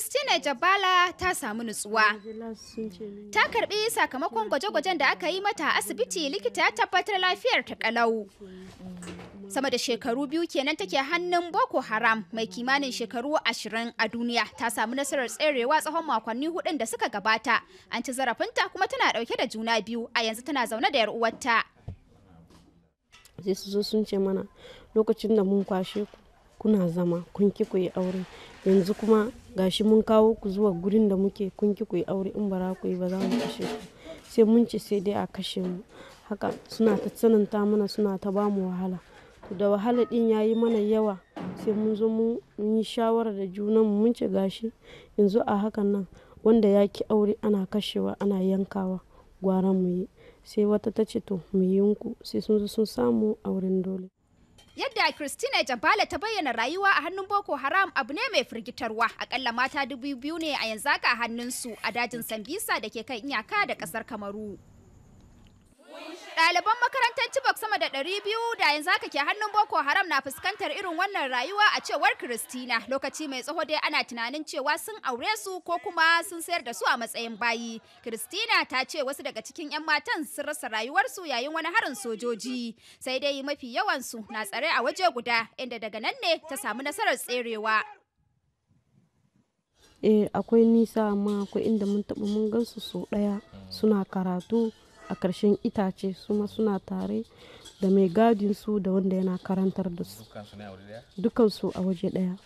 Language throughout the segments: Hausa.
Christina Jabala ta samu nutsuwa. Ta karbi sakamakon gwaje-gwajen da aka yi mata a asibiti likita ya tabbatar lafiyar ta kalau. Sama da shekaru biyu kenan take hannun Boko Haram mai kimanin shekaru ashirin a duniya ta samu nasarar tserewa tsawon makonni hudun da suka gabata. An ci zarafinta kuma tana dauke da juna biyu a yanzu tana zaune da 'yar uwarta. lokacin da mun kwashe ku kuna zama kun ki aure yanzu kuma gashi mun kawo ku zuwa gurin da muke kun ki ku yi aure in bara ku yi ba za mu kashe ku sai mun ce sai dai a kashe mu haka suna ta tsananta mana suna ta ba mu wahala to da wahala din yayi mana yawa sai mun zo mun yi shawara da junan mu mun ce gashi yanzu a hakan nan wanda ya ki aure ana kashewa ana yankawa gwara mu yi sai wata ta ce to mu yi yunku sai sun zo sun samu auren dole Yadda Christina Jabala ta bayyana rayuwa a hannun Boko Haram abu ne mai firgitarwa. Akalla mata dubu biyu ne a yanzu haka hannunsu a dajin Sambisa da ke kan iyaka da kasar Kamaru. Ɗaliban makarantar Chibok sama da ɗari biyu da yanzu haka ke hannun Boko Haram na fuskantar irin wannan rayuwa a cewar Kristina. Lokaci mai tsaho dai ana tunanin cewa sun aure su ko kuma sun sayar da su a matsayin bayi. Kristina ta ce wasu daga cikin 'yan matan sun rasa rayuwarsu yayin wani harin sojoji. Sai dai mafi yawansu na tsare a waje guda inda daga nan ne ta samu nasarar tserewa. Eh akwai nisa amma akwai inda mun taɓa mun gansu su ɗaya suna karatu a ƙarshen itace su ma suna tare da mai gadin su da wanda yana karantar da su dukansu a waje ɗaya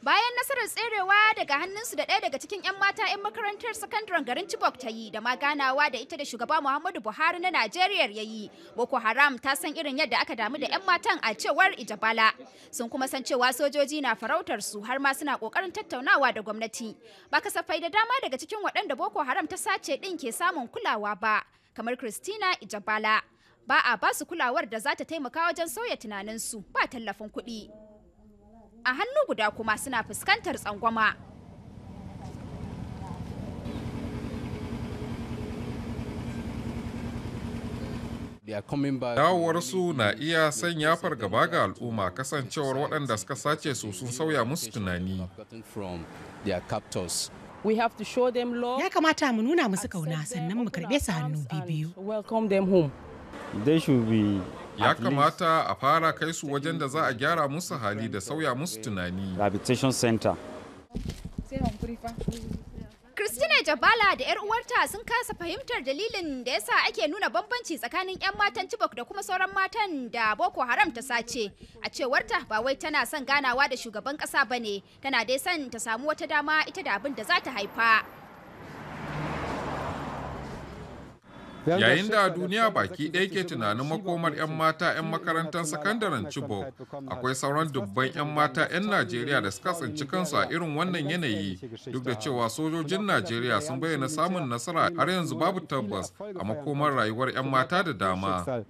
bayan nasarar tserewa daga hannunsu da ɗaya daga cikin 'yan mata 'yan makarantar sakandaren garin Chibok ta yi da ma ganawa da ita da shugaba Muhammadu Buhari na nigeria ya yi. Boko Haram ta san irin yadda aka damu da 'yan matan a cewar Ijabala. Sun kuma san cewa sojoji na farautar su har ma suna kokarin tattaunawa da gwamnati. Ba kasafai da dama daga cikin waɗanda Boko Haram ta sace ɗin ke samun kulawa ba, kamar Christina Ijabala. Ba a ba su kulawar da za ta taimaka wajen sauya tunaninsu ba tallafin kuɗi. a hannu guda kuma suna fuskantar tsangwama dawowarsu na iya sanya fargaba ga al'umma kasancewar waɗanda suka sace su sun sauya musu tunani ya kamata mu nuna musu kauna sannan mu karɓe su hannu biyu ya kamata a fara kai su wajen da za a gyara musu hali da sauya musu tunani Christina Jabala da 'yar uwarta sun kasa fahimtar dalilin da yasa ake nuna bambanci tsakanin 'yan matan Chibok da kuma sauran matan da Boko Haram ta sace. A cewarta ba wai tana son ganawa da shugaban kasa bane, tana dai son ta samu wata dama ita da abin da za ta haifa. yayin da a duniya baki ɗaya ke tunanin makomar 'yan mata 'yan makarantar sakandaren chibok akwai sauran dubban 'yan mata 'yan najeriya da suka tsinci kansu a irin wannan yanayi duk da cewa sojojin najeriya sun bayyana samun nasara har yanzu babu tabbas a makomar rayuwar 'yan mata da dama